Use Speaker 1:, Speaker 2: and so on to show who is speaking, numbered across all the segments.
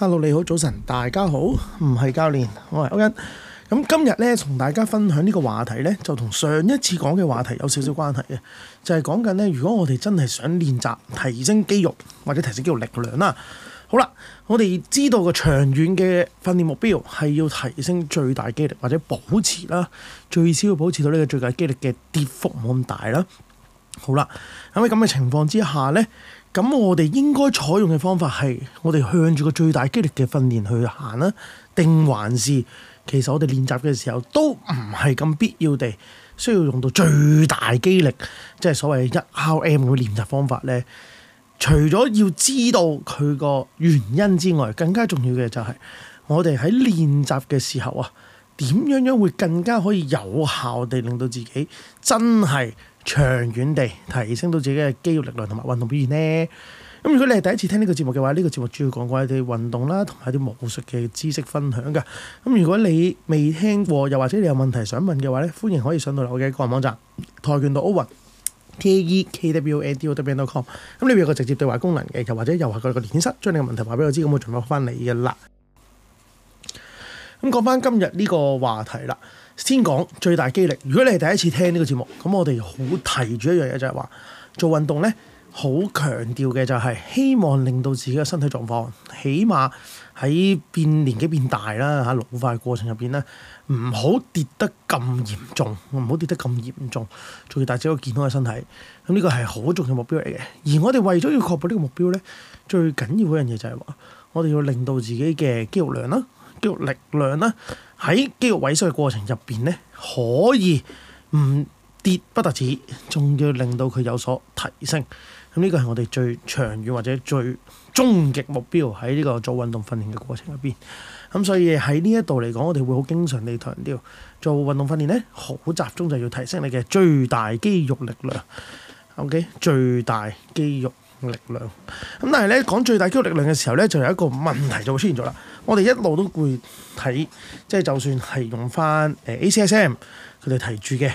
Speaker 1: Hello，你好，早晨，大家好，唔係教練，我係歐恩。咁今日咧，同大家分享呢個話題咧，就同上一次講嘅話題有少少關係嘅，就係講緊咧，如果我哋真係想練習提升肌肉或者提升肌肉力量啦，好啦，我哋知道個長遠嘅訓練目標係要提升最大肌力或者保持啦，最少要保持到呢個最大肌力嘅跌幅冇咁大啦。好啦，咁喺咁嘅情況之下咧。咁我哋應該採用嘅方法係，我哋向住個最大肌力嘅訓練去行啦，定還是其實我哋練習嘅時候都唔係咁必要地需要用到最大肌力，即係所謂一 R M 嘅練習方法呢？除咗要知道佢個原因之外，更加重要嘅就係我哋喺練習嘅時候啊，點樣樣會更加可以有效地令到自己真係。長遠地提升到自己嘅肌肉力量同埋運動表現呢。咁如果你係第一次聽呢個節目嘅話，呢個節目主要講關於一啲運動啦，同埋一啲武術嘅知識分享噶。咁如果你未聽過，又或者你有問題想問嘅話咧，歡迎可以上到嚟我嘅個人網站，跆拳道歐雲，T A E K W O N D O W E N dot com。咁裏面有個直接對話功能嘅，又或者又係佢個連室，將你嘅問題話俾我知，咁我盡快翻你嘅啦。咁講翻今日呢個話題啦。先講最大肌力。如果你係第一次聽呢個節目，咁我哋好提住一樣嘢，就係話做運動咧，好強調嘅就係希望令到自己嘅身體狀況，起碼喺變年紀變大啦嚇老化嘅過程入邊咧，唔好跌得咁嚴重，唔好跌得咁嚴重，最緊要帶住一個健康嘅身體。咁呢個係好重要目標嚟嘅。而我哋為咗要確保呢個目標咧，最緊要一樣嘢就係話，我哋要令到自己嘅肌肉量啦，肌肉力量啦。喺肌肉萎收嘅過程入邊呢，可以唔跌不得止，仲要令到佢有所提升。咁、嗯、呢、呢個係我哋最長遠或者最終極目標喺呢個做運動訓練嘅過程入邊。咁、嗯、所以喺呢一度嚟講，我哋會好經常地同人哋做運動訓練呢，好集中就要提升你嘅最大肌肉力量。O.K. 最大肌肉力量。咁但係呢，講最大肌肉力量嘅時候呢，就有一個問題就會出現咗啦。我哋一路都會睇，即係就算係用翻誒 A C S M 佢哋提住嘅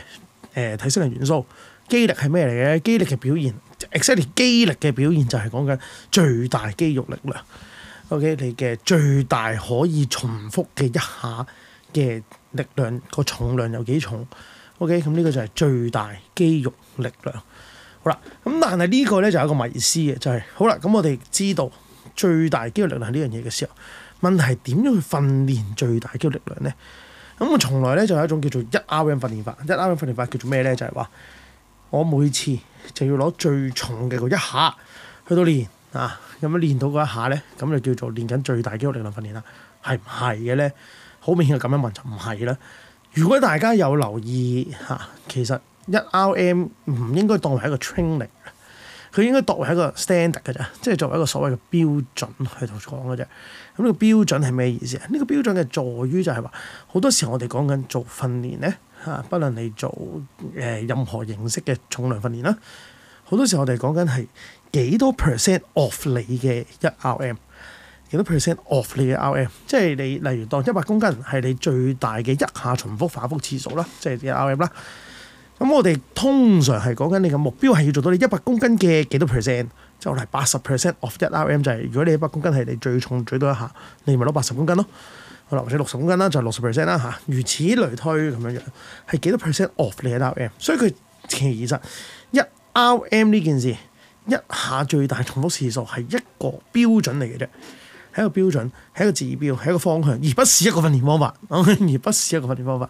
Speaker 1: 誒體適能元素，肌力係咩嚟嘅？肌力嘅表現 exactly，肌力嘅表現就係講緊最大肌肉力量。OK，你嘅最大可以重複嘅一下嘅力量，個重量有幾重？O K，咁呢個就係最大肌肉力量。好啦，咁但係呢個咧就係一個迷思嘅，就係好啦。咁我哋知道最大肌肉力量係呢樣嘢嘅時候。問題點樣去訓練最大肌肉力量呢？咁我從來咧就有一種叫做一 R M 訓練法。一 R M 訓練法叫做咩呢？就係話我每次就要攞最重嘅嗰一下去到練啊，咁樣練到嗰一下呢？咁就叫做練緊最大肌肉力量訓練啦。係唔係嘅呢？好明顯咁樣問就唔係啦。如果大家有留意吓，啊，其實一 R M 唔應該當為一個 training。佢應該作為一個 standard 嘅咋，即係作為一個所謂嘅標準去同講嘅啫。咁、這、呢個標準係咩意思啊？呢、這個標準嘅在於就係、是、話，好多時候我哋講緊做訓練咧，嚇，不論你做誒任何形式嘅重量訓練啦，好多時候我哋講緊係幾多 percent of 你嘅一 RM，幾多 percent of 你嘅 RM，即係你例如當一百公斤係你最大嘅一下重複反覆次數啦，即係一 RM 啦。咁我哋通常係講緊你個目標係要做到你一百公斤嘅幾多 percent，就嚟八十 percent of 一 R M，就係如果你一百公斤係你最重最多一下，你咪攞八十公斤咯。或者六十公斤啦、啊，就六十 percent 啦嚇。如此類推咁樣樣，係幾多 percent of 你一 R M？所以佢其實一 R M 呢件事一下最大重複次數係一個標準嚟嘅啫，係一個標準，係一個指標，係一個方向，而不是一個訓練方法， 而不是一個訓練方法。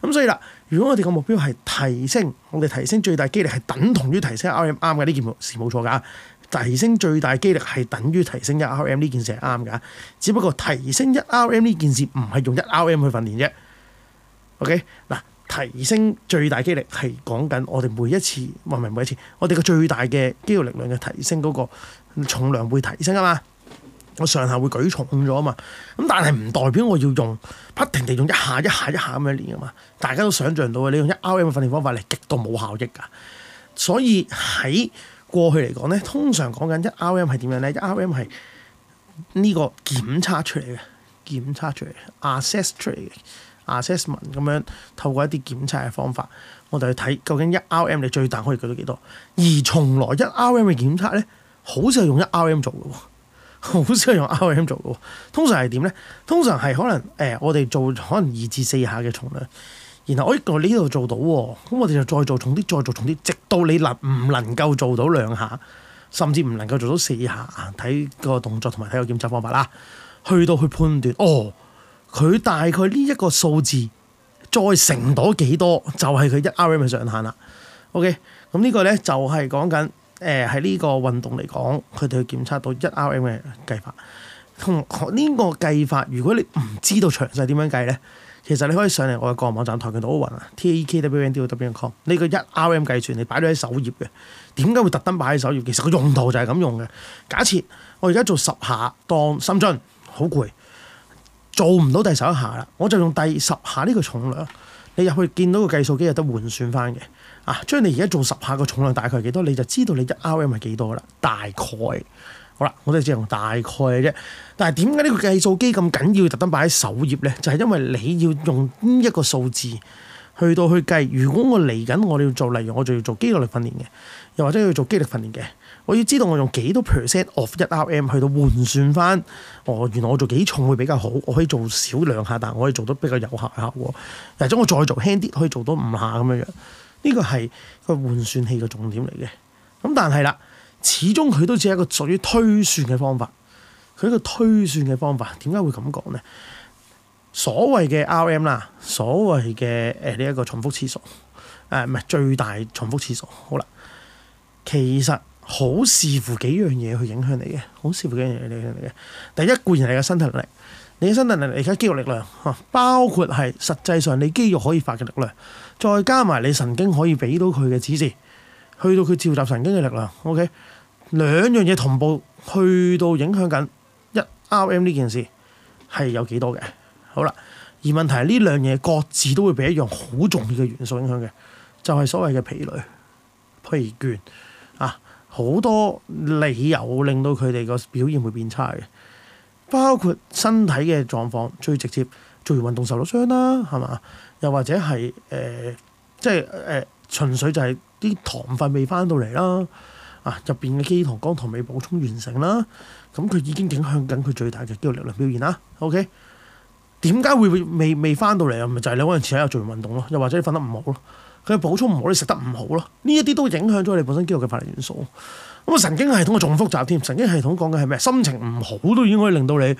Speaker 1: 咁所以啦。如果我哋個目標係提升，我哋提升最大肌力係等同於提升 R M 啱，嘅呢件事冇錯噶，提升最大肌力係等於提升一 R M 呢件事係啱噶，只不過提升一 R M 呢件事唔係用一 R M 去訓練啫。O K 嗱，提升最大肌力係講緊我哋每一次，唔係每一次，我哋個最大嘅肌肉力量嘅提升嗰個重量會提升啊嘛。我上下會舉重咗啊嘛，咁但係唔代表我要用不停地用一下一下一下咁樣練啊嘛。大家都想像到你用一 RM 嘅訓練方法嚟極度冇效益㗎，所以喺過去嚟講咧，通常講緊一 RM 係點樣咧？一 RM 係呢個檢測出嚟嘅，檢測出嚟，assess 出嚟嘅，assessment 咁樣透過一啲檢測嘅方法，我哋去睇究竟一 RM 你最大可以舉到幾多？而從來一 RM 嘅檢測咧，好少係用一 RM 做嘅喎。好 少用 R M 做嘅，通常係點呢？通常係可能誒、欸，我哋做可能二至四下嘅重量，然後我呢度呢度做到，咁我哋就再做重啲，再做重啲，直到你能唔能夠做到兩下，甚至唔能夠做到四下，睇個動作同埋睇個檢測方法啦，去到去判斷哦，佢大概呢一個數字再乘到幾多，就係佢一 R M 嘅上限啦。O K，咁呢個呢就係講緊。誒喺呢個運動嚟講，佢哋去檢測到一 RM 嘅計法。咁呢個計法，如果你唔知道詳細點樣計咧，其實你可以上嚟我嘅個人網站跆拳道 Wen 啊 taekwondowen.com 你個一 RM 計算，你擺咗喺首頁嘅，點解會特登擺喺首頁？其實個用途就係咁用嘅。假設我而家做十下當深蹲，好攰，做唔到第十一下啦，我就用第十下呢個重量。你入去見到個計數機有得換算返嘅。啊！將你而家做十下個重量大概係幾多，你就知道你一 RM 係幾多啦。大概好啦，我哋只係用大概嘅啫。但係點解呢個計數機咁緊要，特登擺喺首頁咧？就係因為你要用呢一個數字去到去計。如果我嚟緊，我哋要做，例如我仲要做肌肉力訓練嘅，又或者要做肌力訓練嘅，我要知道我用幾多 percent of 一 RM 去到換算翻。哦，原來我做幾重會比較好，我可以做少兩下，但我可以做得比較有效效。或者我再做輕啲，可以做到五下咁樣樣。呢個係個換算器嘅重點嚟嘅，咁但係啦，始終佢都只係一個屬於推算嘅方法。佢一個推算嘅方法，點解會咁講呢？所謂嘅 RM 啦，所謂嘅誒呢一個重複次數，誒唔係最大重複次數，好啦，其實好視乎幾樣嘢去影響你嘅，好視乎幾樣嘢影響你嘅。第一固然係你嘅身體能力，你嘅身體能力而家肌肉力量，包括係實際上你肌肉可以發嘅力量。再加埋你神經可以俾到佢嘅指示，去到佢召集神經嘅力量，OK，兩樣嘢同步去到影響緊一 RM 呢件事係有幾多嘅？好啦，而問題係呢兩嘢各自都會俾一樣好重要嘅元素影響嘅，就係所謂嘅疲累、疲倦啊，好多理由令到佢哋個表現會變差嘅，包括身體嘅狀況最直接。做完運動受咗傷啦，係嘛？又或者係誒、呃，即係誒、呃，純粹就係啲糖分未翻到嚟啦，啊入邊嘅肌糖、肝糖未補充完成啦，咁、啊、佢已經影響緊佢最大嘅肌肉力量表現啦、啊。OK，點解會未未翻到嚟啊？咪就係、是、你嗰陣時喺度做完運動咯，又或者你瞓得唔好咯，佢補充唔好，你食得唔好咯，呢一啲都影響咗你本身肌肉嘅發力元素。咁啊，神經系統嘅重複雜添。神經系統講嘅係咩？心情唔好都已經可以令到你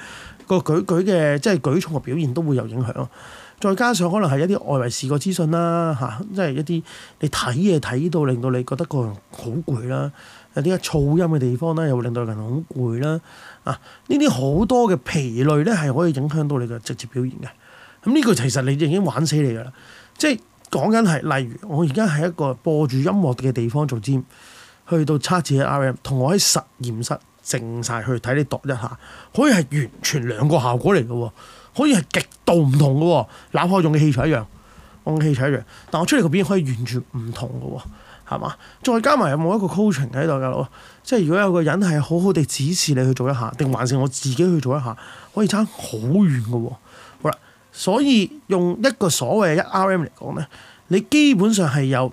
Speaker 1: 個舉舉嘅，即係舉重嘅表現都會有影響。再加上可能係一啲外圍視覺資訊啦，嚇、啊，即係一啲你睇嘢睇到，令到你覺得個人好攰啦。有啲嘅噪音嘅地方啦，又令到人好攰啦。啊，呢啲好多嘅疲累咧，係可以影響到你嘅直接表現嘅。咁、啊、呢句其實你已經玩死你噶啦，即係講緊係，例如我而家喺一個播住音樂嘅地方做 gym。去到測試一 RM，同我喺實驗室靜晒去睇你度一下，可以係完全兩個效果嚟嘅喎，可以係極度唔同嘅喎，哪怕用嘅器材一樣，用嘅器材一樣，但我出嚟個表現可以完全唔同嘅喎，係嘛？再加埋有冇一個 coaching 喺度嘅佬？即係如果有個人係好好地指示你去做一下，定還是我自己去做一下，可以差好遠嘅喎。好啦，所以用一個所謂一 RM 嚟講咧，你基本上係有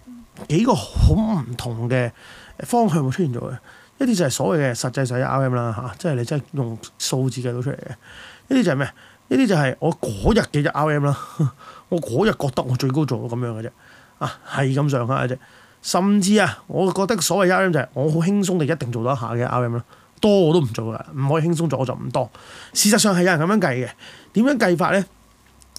Speaker 1: 幾個好唔同嘅。方向會出現咗嘅，一啲就係所謂嘅實際上用 RM 啦、啊、嚇，即係你真係用數字計到出嚟嘅。一啲就係咩？一啲就係我嗰日嘅1 RM 啦，我嗰日覺得我最高做到咁樣嘅啫，啊係咁上下嘅啫。甚至啊，我覺得所謂 RM 就係我好輕鬆地一定做得一下嘅 RM 咯、啊，多我都唔做噶，唔可以輕鬆做我就唔多。事實上係有人咁樣計嘅，點樣計法咧？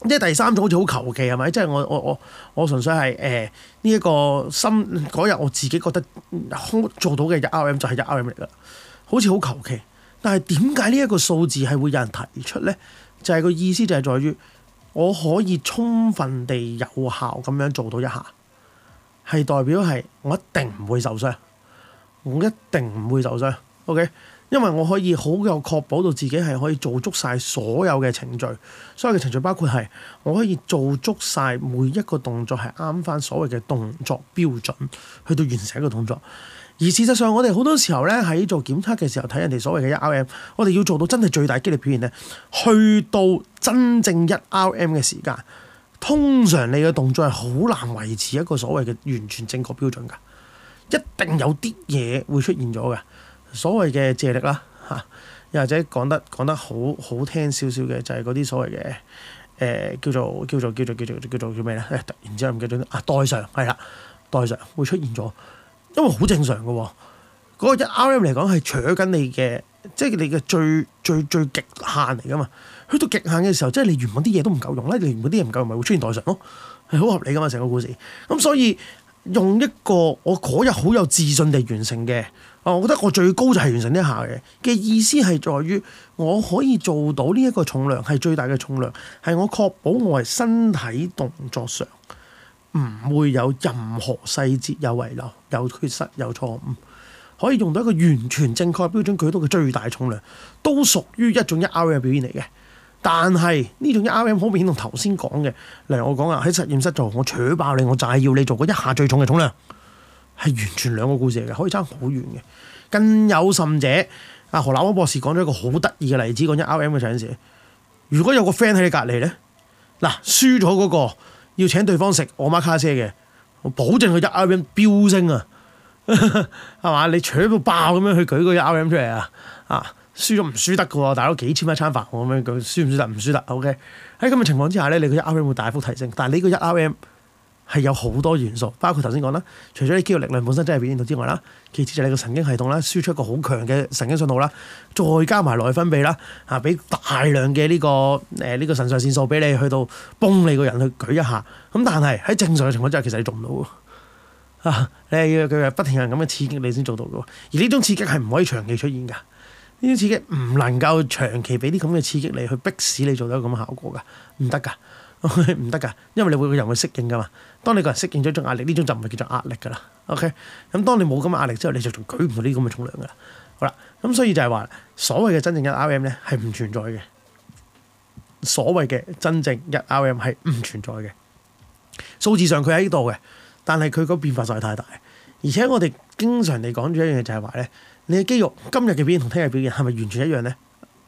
Speaker 1: 即係第三種好似好求其係咪？即係我我我我純粹係誒呢一個心嗰日我自己覺得可做到嘅就 RM 就係就 RM 嚟啦，好似好求其。但係點解呢一個數字係會有人提出咧？就係、是、個意思就係在於我可以充分地有效咁樣做到一下，係代表係我一定唔會受傷，我一定唔會受傷，OK。因為我可以好有確保到自己係可以做足晒所有嘅程序，所有嘅程序包括係我可以做足晒每一個動作係啱翻所謂嘅動作標準，去到完成一個動作。而事實上，我哋好多時候咧，喺做檢測嘅時候睇人哋所謂嘅一 RM，我哋要做到真係最大肌力表現咧，去到真正一 RM 嘅時間，通常你嘅動作係好難維持一個所謂嘅完全正確標準㗎，一定有啲嘢會出現咗㗎。所謂嘅借力啦，嚇、啊，又或者講得講得好好聽少少嘅，就係嗰啲所謂嘅誒、呃、叫做叫做叫做叫做叫做叫咩咧、欸？突然之間唔記得咗啊！代償係啦，代償會出現咗，因為好正常嘅喎、哦。嗰、那個一 RM 嚟講係搶緊你嘅，即、就、係、是、你嘅最最最最極限嚟㗎嘛。去到極限嘅時候，即、就、係、是、你原本啲嘢都唔夠用啦，你原本啲嘢唔夠用，咪會出現代償咯、哦，係好合理㗎嘛成個故事。咁所以。用一個我嗰日好有自信地完成嘅，啊，我覺得我最高就係完成一下嘅嘅意思係在於我可以做到呢一個重量係最大嘅重量，係我確保我係身體動作上唔會有任何細節有遺漏、有缺失、有錯誤，可以用到一個完全正確嘅標準舉到嘅最大重量，都屬於一種一 R 嘅表現嚟嘅。但係呢種一 RM 方面同頭先講嘅，嚟我講啊，喺實驗室做我扯爆你，我就係要你做嗰一下最重嘅重量，係完全兩個故事嚟嘅，可以爭好遠嘅。更有甚者，阿何立安博士講咗一個好得意嘅例子，講一 RM 嘅搶射。如果有個 friend 喺你隔離咧，嗱輸咗嗰個要請對方食我媽卡車嘅，我保證佢一 RM 飆升啊，係 嘛？你扯到爆咁樣去舉個一 RM 出嚟啊，啊！輸咗唔輸，輸，輸得噶喎，大佬幾千蚊一餐飯，我咁樣講，輸唔輸得唔輸得，OK。喺咁嘅情況之下咧，你個一 RM 會大幅提升，但係你個一 RM 係有好多元素，包括頭先講啦，除咗你肌肉力量本身真係表現到之外啦，其次就係你個神經系統啦，輸出一個好強嘅神經信號啦，再加埋內分泌啦，嚇、啊、俾大量嘅呢、這個誒呢、呃這個腎上腺素俾你去到崩你個人去舉一下，咁但係喺正常嘅情況之下，其實你做唔到喎。啊，你係要不停係咁嘅刺激你先做到嘅喎，而呢種刺激係唔可以長期出現㗎。呢啲刺激唔能夠長期俾啲咁嘅刺激你，去迫使你做到咁嘅效果噶，唔得噶，唔得噶，因為你會個人會適應噶嘛。當你個人適應咗種壓力，呢種就唔係叫做壓力噶啦。OK，咁、嗯、當你冇咁嘅壓力之後，你就仲舉唔到呢啲咁嘅重量噶。好啦，咁、嗯、所以就係話，所謂嘅真正一 RM 咧，係唔存在嘅。所謂嘅真正一 RM 係唔存在嘅，數字上佢喺呢度嘅，但係佢個變化實在太大。而且我哋經常地講住一樣嘢就係話咧。你嘅肌肉今日嘅表現同聽日表現係咪完全一樣呢？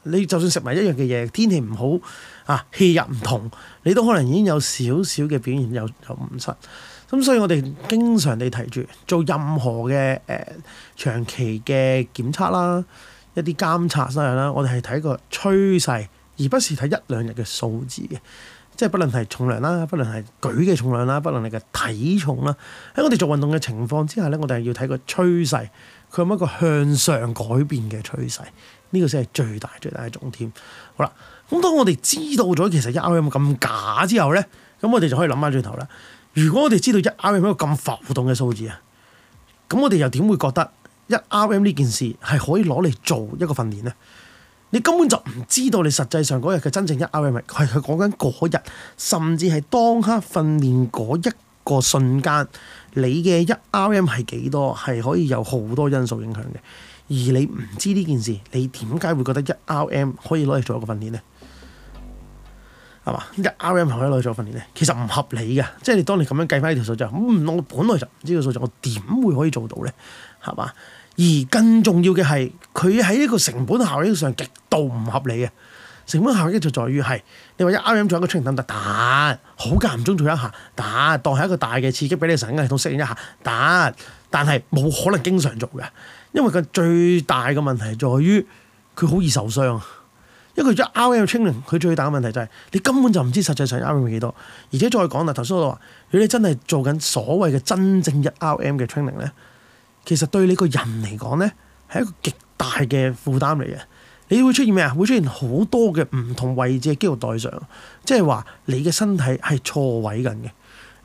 Speaker 1: 你就算食埋一樣嘅嘢，天氣唔好啊，氣壓唔同，你都可能已經有少少嘅表現有有唔實。咁所以我哋經常地提住做任何嘅誒、呃、長期嘅檢測啦，一啲監測嘅嘢啦，我哋係睇個趨勢，而不是睇一兩日嘅數字嘅。即係不論係重量啦，不論係舉嘅重量啦，不論你嘅體重啦，喺我哋做運動嘅情況之下呢，我哋係要睇個趨勢。佢有冇一個向上改變嘅趨勢？呢個先係最大最大嘅重點。好啦，咁當我哋知道咗其實一 RM 咁假之後咧，咁我哋就可以諗翻轉頭啦。如果我哋知道一 RM 一個咁浮動嘅數字啊，咁我哋又點會覺得一 RM 呢件事係可以攞嚟做一個訓練呢？你根本就唔知道你實際上嗰日嘅真正一 RM 係佢講緊嗰日，甚至係當刻訓練嗰一個瞬間，你嘅一 RM 係幾多，係可以有好多因素影響嘅。而你唔知呢件事，你點解會覺得一 RM 可以攞嚟做一個訓練呢？係嘛，一 RM 可以攞嚟做一個訓練呢？其實唔合理嘅。即係你當你咁樣計翻呢條數就，唔，我本來就唔知個數就我點會可以做到呢？係嘛。而更重要嘅係，佢喺呢個成本效應上極度唔合理嘅。成本效益就在於係，你話一 RM 做一個 training，得唔得打，好間唔中做一下打，當係一個大嘅刺激俾你神經系統適應一下打，但係冇可能經常做嘅，因為佢最大嘅問題在於佢好易受傷。因為一 RM 嘅 training 佢最大嘅問題就係、是、你根本就唔知實際上 RM 幾多，而且再講啦，頭先我話如果你真係做緊所謂嘅真正一 RM 嘅 training 咧，其實對你個人嚟講咧係一個極大嘅負擔嚟嘅。你會出現咩啊？會出現好多嘅唔同位置嘅肌肉代償，即係話你嘅身體係錯位緊嘅，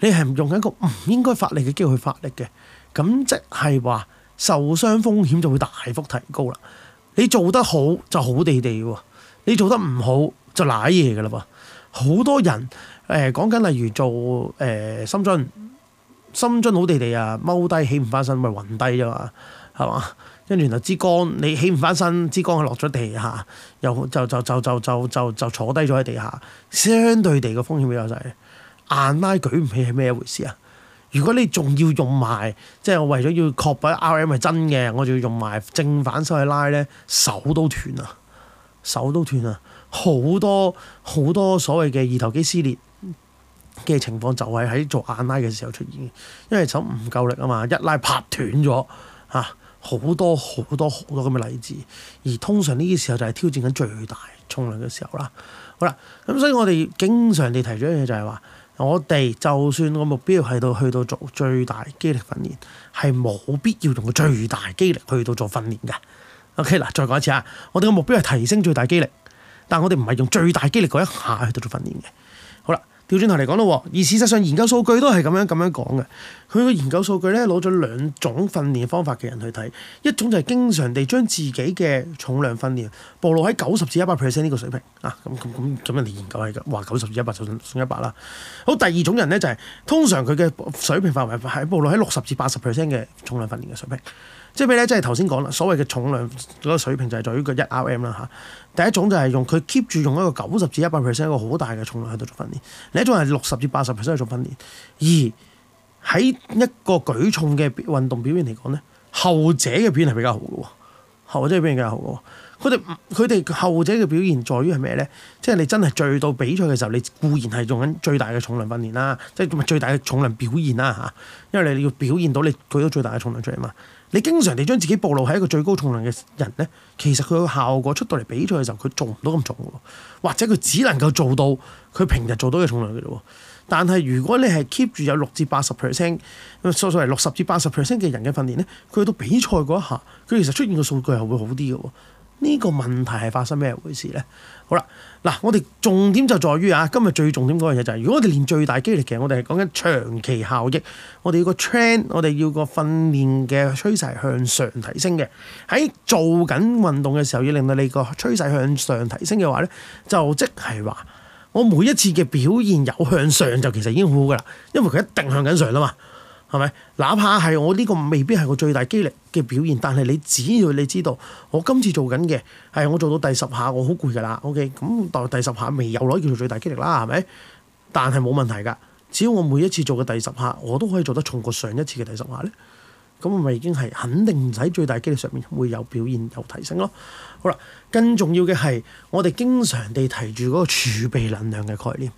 Speaker 1: 你係用緊一個唔應該發力嘅肌肉去發力嘅，咁即係話受傷風險就會大幅提高啦。你做得好就好地地喎，你做得唔好就瀨嘢㗎喇噃。好多人誒講緊例如做誒深蹲，深蹲好地地啊，踎低起唔翻身咪暈低啫嘛，係嘛？跟住然後支桿你起唔翻身，支桿係落咗地下，又就就就就就就，就坐低咗喺地下，相對地個風險比較細。硬拉舉唔起係咩一回事啊？如果你仲要用埋即係我為咗要確保 R M 係真嘅，我就要用埋正反手去拉咧，手都斷啊，手都斷啊，好多好多所謂嘅二頭肌撕裂嘅情況就係喺做硬拉嘅時候出現，因為手唔夠力啊嘛，一拉拍斷咗嚇。啊。好多好多好多咁嘅例子，而通常呢啲時候就係挑戰緊最大重量嘅時候啦。好啦，咁所以我哋經常地提咗一樣嘢就係話，我哋就算個目標係到去到做最大肌力訓練，係冇必要用個最大肌力去到做訓練嘅。OK 啦，再講一次啊，我哋嘅目標係提升最大肌力，但我哋唔係用最大肌力嗰一下去到做訓練嘅。調轉頭嚟講咯，而事實上研究數據都係咁樣咁樣講嘅。佢個研究數據咧，攞咗兩種訓練方法嘅人去睇，一種就係經常地將自己嘅重量訓練暴露喺九十至一百 percent 呢個水平啊。咁咁咁咁樣嚟研究係噶，哇，九十至一百就算一百啦。好，第二種人咧就係、是、通常佢嘅水平範圍係暴露喺六十至八十 percent 嘅重量訓練嘅水平。即係咩咧？即係頭先講啦，所謂嘅重量嗰個水平就係在於個一 R.M. 啦嚇。第一種就係用佢 keep 住用一個九十至一百 percent 一個好大嘅重量喺度做訓練，另一種係六十至八十 percent 去做訓練。而喺一個舉重嘅運動表現嚟講咧，後者嘅片係比較好嘅喎，後者嘅片比較好喎。佢哋佢哋後者嘅表現在於係咩咧？即係你真係聚到比賽嘅時候，你固然係用緊最大嘅重量訓練啦，即係最大嘅重量表現啦嚇。因為你要表現到你舉到最大嘅重量出嚟嘛。你經常地將自己暴露喺一個最高重量嘅人咧，其實佢個效果出到嚟比賽嘅時候，佢做唔到咁重嘅，或者佢只能夠做到佢平日做到嘅重量嘅啫。但係如果你係 keep 住有六至八十 percent，所謂六十至八十 percent 嘅人嘅訓練咧，佢去到比賽嗰一下，佢其實出現嘅數據係會好啲嘅。呢個問題係發生咩回事咧？好啦，嗱，我哋重點就在於啊，今日最重點嗰樣嘢就係，如果我哋練最大肌力，其實我哋係講緊長期效益，我哋要個 trend，我哋要個訓練嘅趨勢向上提升嘅。喺做緊運動嘅時候，要令到你個趨勢向上提升嘅話咧，就即係話我每一次嘅表現有向上，就其實已經好㗎喇，因為佢一定向緊上啦嘛。係咪？哪怕係我呢個未必係我最大肌力嘅表現，但係你只要你知道，我今次做緊嘅係我做到第十下，我好攰噶啦。OK，咁、嗯、第第十下未有攞叫做最大肌力啦，係咪？但係冇問題噶，只要我每一次做嘅第十下，我都可以做得重過上一次嘅第十下咧，咁咪已經係肯定唔使最大肌力上面會有表現有提升咯。好啦，更重要嘅係我哋經常地提住嗰個儲備能量嘅概念。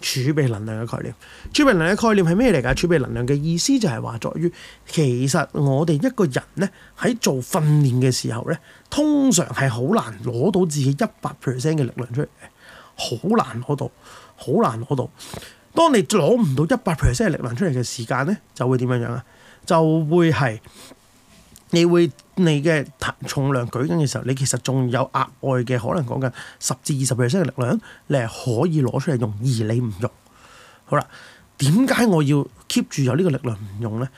Speaker 1: 儲備能量嘅概念，儲備能量嘅概念係咩嚟㗎？儲備能量嘅意思就係話，在於其實我哋一個人咧，喺做訓練嘅時候咧，通常係好難攞到自己一百 percent 嘅力量出嚟，好難攞到，好難攞到。當你攞唔到一百 percent 嘅力量出嚟嘅時間咧，就會點樣樣啊？就會係。你會你嘅重量舉緊嘅時候，你其實仲有額外嘅可能講緊十至二十 percent 嘅力量，你係可以攞出嚟用，而你唔用。好啦，點解我要 keep 住有呢個力量唔用咧？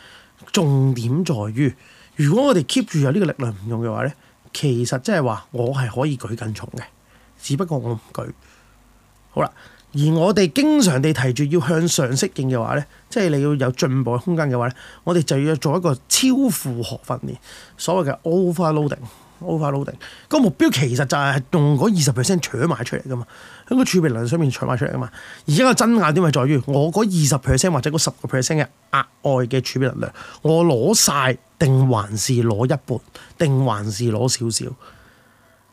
Speaker 1: 重點在於，如果我哋 keep 住有呢個力量唔用嘅話咧，其實即係話我係可以舉更重嘅，只不過我唔舉。好啦。而我哋經常地提住要向上適應嘅話咧，即係你要有進步嘅空間嘅話咧，我哋就要做一個超負荷訓練，所謂嘅 overloading，overloading 個目標其實就係用嗰二十 percent 取埋出嚟噶嘛，喺個儲備能量上面取埋出嚟噶嘛。而家個真眼點係在於我，我嗰二十 percent 或者嗰十個 percent 嘅額外嘅儲備能量，我攞晒定還是攞一半，定還是攞少少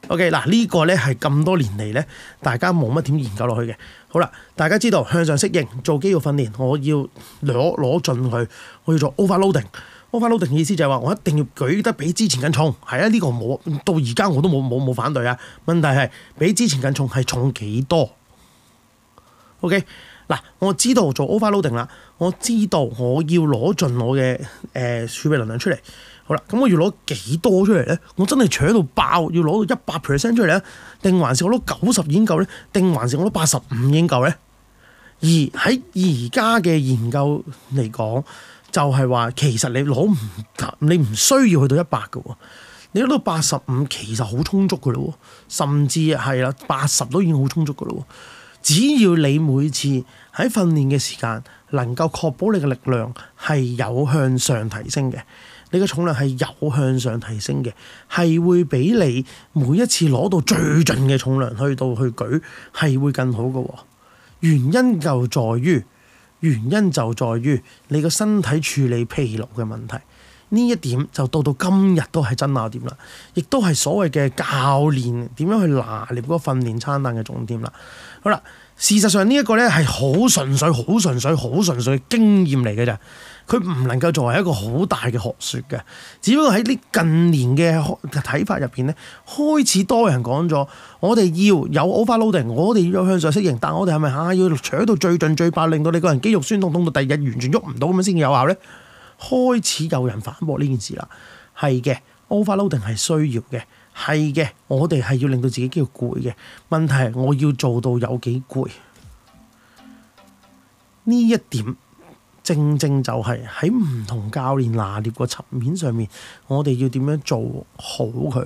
Speaker 1: ？OK，嗱呢、呢個咧係咁多年嚟咧，大家冇乜點研究落去嘅。好啦，大家知道向上適應做肌肉訓練，我要攞攞盡佢，我要做 overloading。overloading 嘅意思就係話我一定要舉得比之前更重。係啊，呢、呢個冇，到而家我都冇冇冇反對啊。問題係比之前更重係重幾多？OK，嗱，我知道做 overloading 啦，我知道我要攞盡我嘅誒儲備能量出嚟。好啦，咁我要攞幾多出嚟咧？我真係搶到爆，要攞到一百 percent 出嚟咧，定還是我攞九十已經夠咧，定還是我攞八十五已經夠呢在在研究咧？而喺而家嘅研究嚟講，就係、是、話其實你攞唔你唔需要去到一百嘅，你攞到八十五其實好充足嘅咯，甚至係啦，八十都已經好充足嘅咯。只要你每次喺訓練嘅時間能夠確保你嘅力量係有向上提升嘅。你嘅重量係有向上提升嘅，係會俾你每一次攞到最盡嘅重量去到去舉，係會更好嘅喎。原因就在於，原因就在於你個身體處理疲勞嘅問題。呢一點就到到今日都係爭拗點啦，亦都係所謂嘅教練點樣去拿捏嗰個訓練餐單嘅重點啦。好啦，事實上呢一個呢係好純粹、好純粹、好純粹經驗嚟嘅咋。佢唔能夠作為一個好大嘅學説嘅，只不過喺呢近年嘅睇法入邊咧，開始多人講咗，我哋要有 overloading，我哋要向上適應，但我哋係咪啊要扯到最盡最爆，令到你個人肌肉酸痛痛到第二日完全喐唔到咁先有效咧？開始有人反駁呢件事啦。係嘅，overloading 係需要嘅，係嘅，我哋係要令到自己肌肉攰嘅。問題係我要做到有幾攰呢一點？.正正就係喺唔同教練拿捏個層面上面，我哋要點樣做好佢？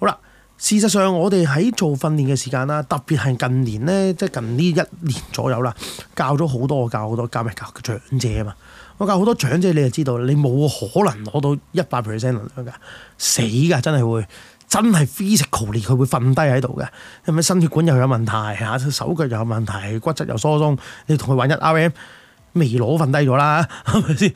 Speaker 1: 好啦，事實上我哋喺做訓練嘅時間啦，特別係近年咧，即係近呢一年左右啦，教咗好多，多，教好多，教咩？教長者啊嘛，我教好多長者，你就知道，你冇可能攞到一百 percent 能量㗎，死㗎，真係會，真係 physically 佢會瞓低喺度嘅，因為心血管又有問題嚇，手腳又有問題，骨質又疏鬆，你同佢玩一 RM。未攞瞓低咗啦，係咪先？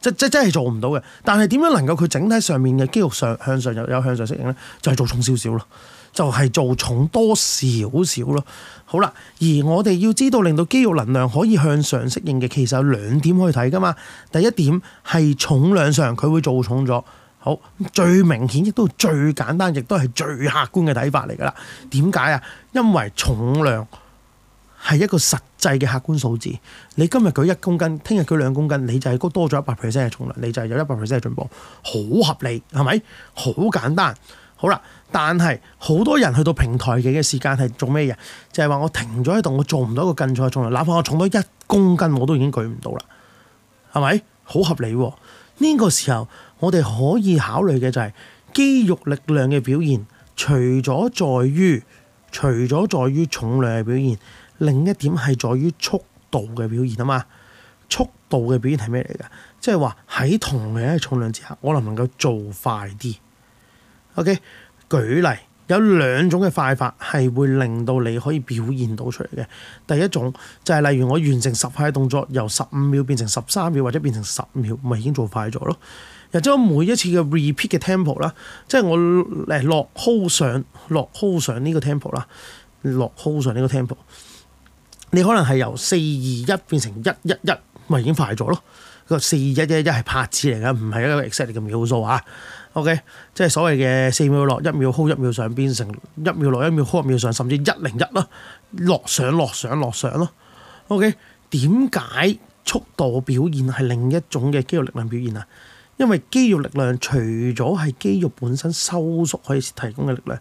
Speaker 1: 即即即係做唔到嘅。但係點樣能夠佢整體上面嘅肌肉上向上有有向上適應咧？就係做重少少咯，就係做重多少少咯。好啦，而我哋要知道令到肌肉能量可以向上適應嘅，其實有兩點可以睇噶嘛。第一點係重量上佢會做重咗。好，最明顯亦都最簡單，亦都係最客觀嘅睇法嚟噶啦。點解啊？因為重量。係一個實際嘅客觀數字。你今日舉一公斤，聽日舉兩公斤，你就係多咗一百 percent 嘅重量，你就係有一百 percent 嘅進步，好合理係咪？好簡單，好啦。但係好多人去到平台期嘅時間係做咩嘢？就係、是、話我停咗喺度，我做唔到一個更重嘅、重量。哪怕我重咗一公斤，我都已經舉唔到啦，係咪？好合理呢、這個時候，我哋可以考慮嘅就係、是、肌肉力量嘅表現，除咗在於除咗在於重量嘅表現。另一點係在於速度嘅表現啊嘛，速度嘅表現係咩嚟㗎？即係話喺同樣嘅重量之下，我能唔能夠做快啲。OK，舉例有兩種嘅快法係會令到你可以表現到出嚟嘅。第一種就係例如我完成十塊動作，由十五秒變成十三秒或者變成十秒，咪已經做快咗咯。又將每一次嘅 repeat 嘅 tempo 啦，即係我嚟落 hold 上，落 hold 上呢個 tempo 啦，落 hold 上呢個 tempo。你可能係由四二一變成一一一，咪已經快咗咯。個四二一一一係拍子嚟嘅，唔係一個 exactly 嘅秒數啊。OK，即係所謂嘅四秒落、一秒 hold、一秒上，變成一秒落、一秒 hold、一秒上，甚至一零一啦，落上落上落上咯。OK，點解速度表現係另一種嘅肌肉力量表現啊？因為肌肉力量除咗係肌肉本身收縮可以提供嘅力量。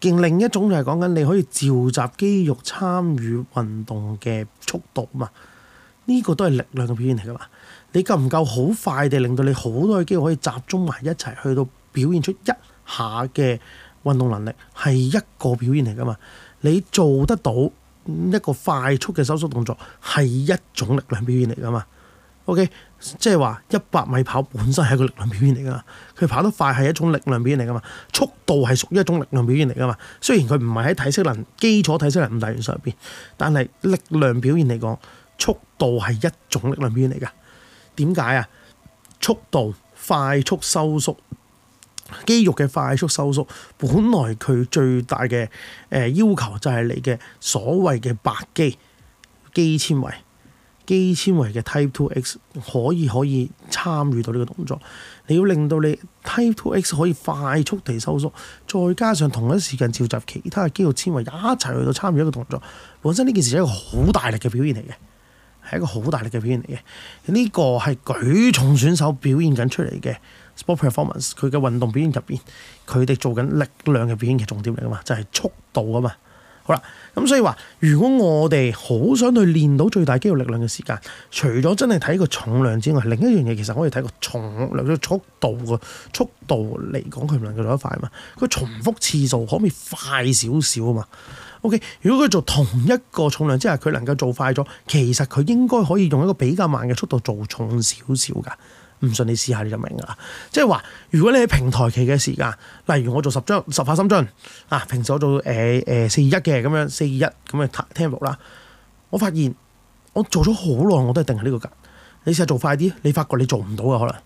Speaker 1: 另一種就係講緊你可以召集肌肉參與運動嘅速度嘛，呢個都係力量嘅表現嚟噶嘛。你夠唔夠好快地令到你好多嘅肌肉可以集中埋一齊去到表現出一下嘅運動能力，係一個表現嚟噶嘛。你做得到一個快速嘅收縮動作，係一種力量表現嚟噶嘛。O K。即係話一百米跑本身係一個力量表現嚟噶嘛，佢跑得快係一種力量表現嚟噶嘛？速度係屬於一種力量表現嚟噶嘛？雖然佢唔係喺體適能基礎體適能五大元素入邊，但係力量表現嚟講，速度係一種力量表現嚟噶。點解啊？速度快速收縮肌肉嘅快速收縮，本來佢最大嘅誒、呃、要求就係你嘅所謂嘅白肌肌纖維。肌纖維嘅 type two X 可以可以參與到呢個動作，你要令到你 type two X 可以快速地收縮，再加上同一時間召集其他嘅肌肉纖維一齊去到參與一個動作，本身呢件事係一個好大力嘅表現嚟嘅，係一個好大力嘅表現嚟嘅，呢個係舉重選手表現緊出嚟嘅 sport performance，佢嘅運動表現入邊，佢哋做緊力量嘅表現嘅重點嚟噶嘛，就係速度啊嘛。好啦，咁、嗯、所以話，如果我哋好想去練到最大肌肉力量嘅時間，除咗真係睇個重量之外，另一樣嘢其實可以睇個重量速度嘅速度嚟講，佢唔能夠做得快嘛？佢重複次數可唔可以快少少嘛？OK，如果佢做同一個重量之下，佢能夠做快咗，其實佢應該可以用一個比較慢嘅速度做重少少噶。唔信你試下你就明㗎啦，即係話如果你喺平台期嘅時間，例如我做十張十塊深蹲啊，平時我做誒誒四二一嘅咁樣四二一咁嘅 table 啦，呃呃、ple，我發現我做咗好耐我都係定係呢個格。你試下做快啲，你發覺你做唔到嘅可能。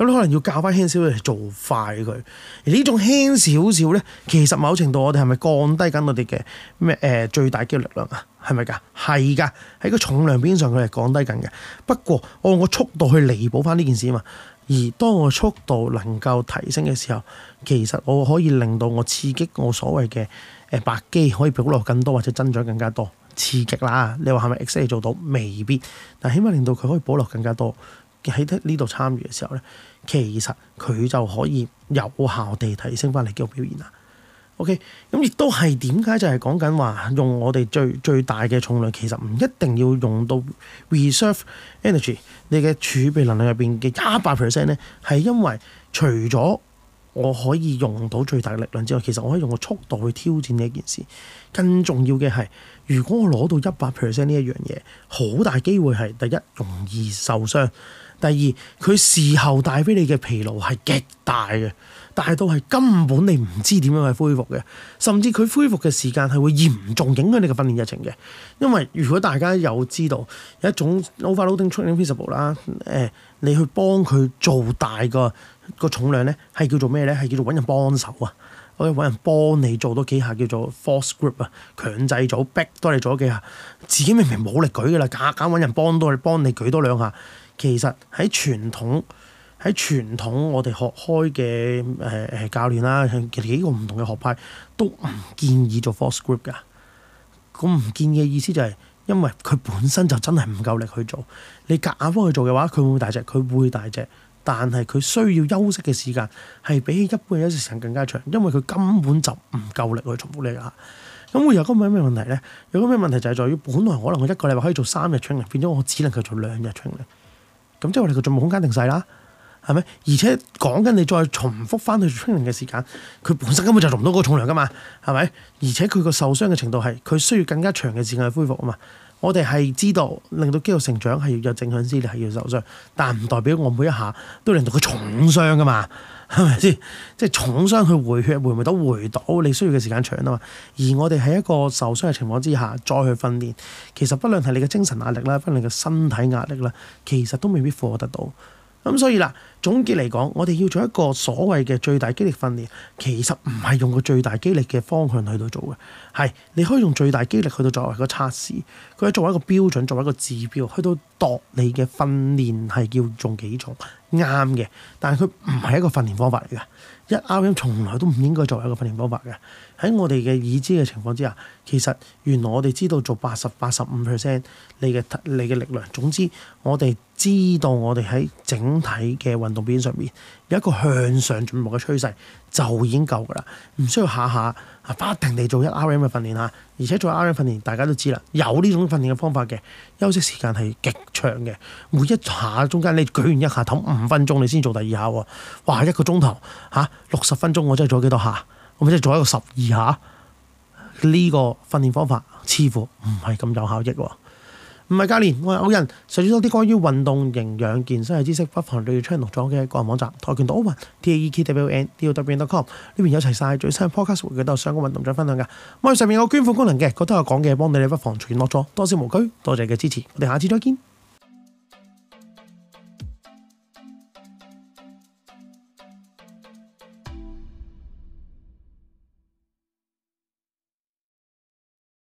Speaker 1: 咁可能要教翻輕少少嚟做快佢，而呢種輕少少咧，其實某程度我哋係咪降低緊我哋嘅咩誒最大肌肉力量啊？係咪噶？係噶，喺個重量邊上佢係降低緊嘅。不過我用個速度去彌補翻呢件事啊嘛。而當我速度能夠提升嘅時候，其實我可以令到我刺激我所謂嘅誒白肌可以保留更多或者增長更加多刺激啦。你話係咪 XA 做到？未必。但起碼令到佢可以保留更加多。喺呢度參與嘅時候咧，其實佢就可以有效地提升翻嚟嘅表現啦。OK，咁亦都係點解就係講緊話用我哋最最大嘅重量，其實唔一定要用到 reserve energy 你嘅儲備能力入邊嘅一百 percent 咧，係因為除咗我可以用到最大嘅力量之外，其實我可以用個速度去挑戰呢一件事。更重要嘅係，如果我攞到一百 percent 呢一樣嘢，好大機會係第一容易受傷。第二，佢事後帶俾你嘅疲勞係極大嘅，大到係根本你唔知點樣去恢復嘅，甚至佢恢復嘅時間係會嚴重影響你嘅訓練日程嘅。因為如果大家有知道有一種 overloading training principle 啦、呃，誒，你去幫佢做大個個重量咧，係叫做咩咧？係叫做揾人幫手啊！我要揾人幫你做多幾下叫做 forced group 啊，強制組，逼多你做多幾下，自己明明冇力舉㗎啦，假假揾人幫多，幫你舉多兩下。其實喺傳統喺傳統，傳統我哋學開嘅誒誒教練啦，佢幾個唔同嘅學派都唔建議做 forced script 噶。咁唔建議嘅意思就係、是、因為佢本身就真係唔夠力去做。你夾硬幫佢做嘅話，佢會唔會大隻？佢會大隻，但係佢需要休息嘅時間係比一般嘅休息時間更加長，因為佢根本就唔夠力去重複呢下。咁會有個咩咩問題咧？有個咩問題就係在於本來可能我一個禮拜可以做三日 training，變咗我只能夠做兩日 training。咁即係我哋個進步空間定細啦，係咪？而且講緊你再重複翻去出擊嘅時間，佢本身根本就做唔到嗰個重量噶嘛，係咪？而且佢個受傷嘅程度係佢需要更加長嘅時間去恢復啊嘛。我哋係知道令到肌肉成長係要有正向思力係要受傷，但唔代表我每一下都令到佢重傷噶嘛。係咪先？即係重傷去回血，會唔會到回到你需要嘅時間長啊？嘛，而我哋喺一個受傷嘅情況之下再去訓練，其實不論係你嘅精神壓力啦，不論你嘅身體壓力啦，其實都未必負荷得到。咁所以嗱，總結嚟講，我哋要做一個所謂嘅最大肌力訓練，其實唔係用個最大肌力嘅方向去到做嘅，係你可以用最大肌力去到作為一個測試，佢作為一個標準，作為一個指標，去到度你嘅訓練係要重幾重。啱嘅，但係佢唔係一個訓練方法嚟嘅。1RM 從來都唔應該做一個訓練方法嘅。喺我哋嘅已知嘅情況之下，其實原來我哋知道做八十八十五 percent，你嘅你嘅力量。總之，我哋知道我哋喺整體嘅運動表現上面有一個向上進步嘅趨勢，就已經夠㗎喇，唔需要下下啊不停地做一 RM 嘅訓練吓。而且做 RM 訓練大家都知啦，有呢種訓練嘅方法嘅休息時間係極長嘅。每一下中間你舉完一下，唞五分鐘你先做第二下喎。哇，一個鐘頭吓六十分鐘，我真係做幾多下？我即係做一個十二下呢個訓練方法，似乎唔係咁有效益。唔係教練，我係 Owen。想了解多啲關於運動、營養、健身嘅知識，不妨留意 channel 咗嘅個人網站——跆拳道歐文 （T.A.E.K.W.O.N.D.O.W.E.N.）.com。呢邊有齊晒最新嘅 Podcast 活動，都有相關運動再分享噶。我哋上面有捐款功能嘅，覺得我講嘅，幫你哋不妨存落咗，多少唔拘。多謝你嘅支持，我哋下次再見。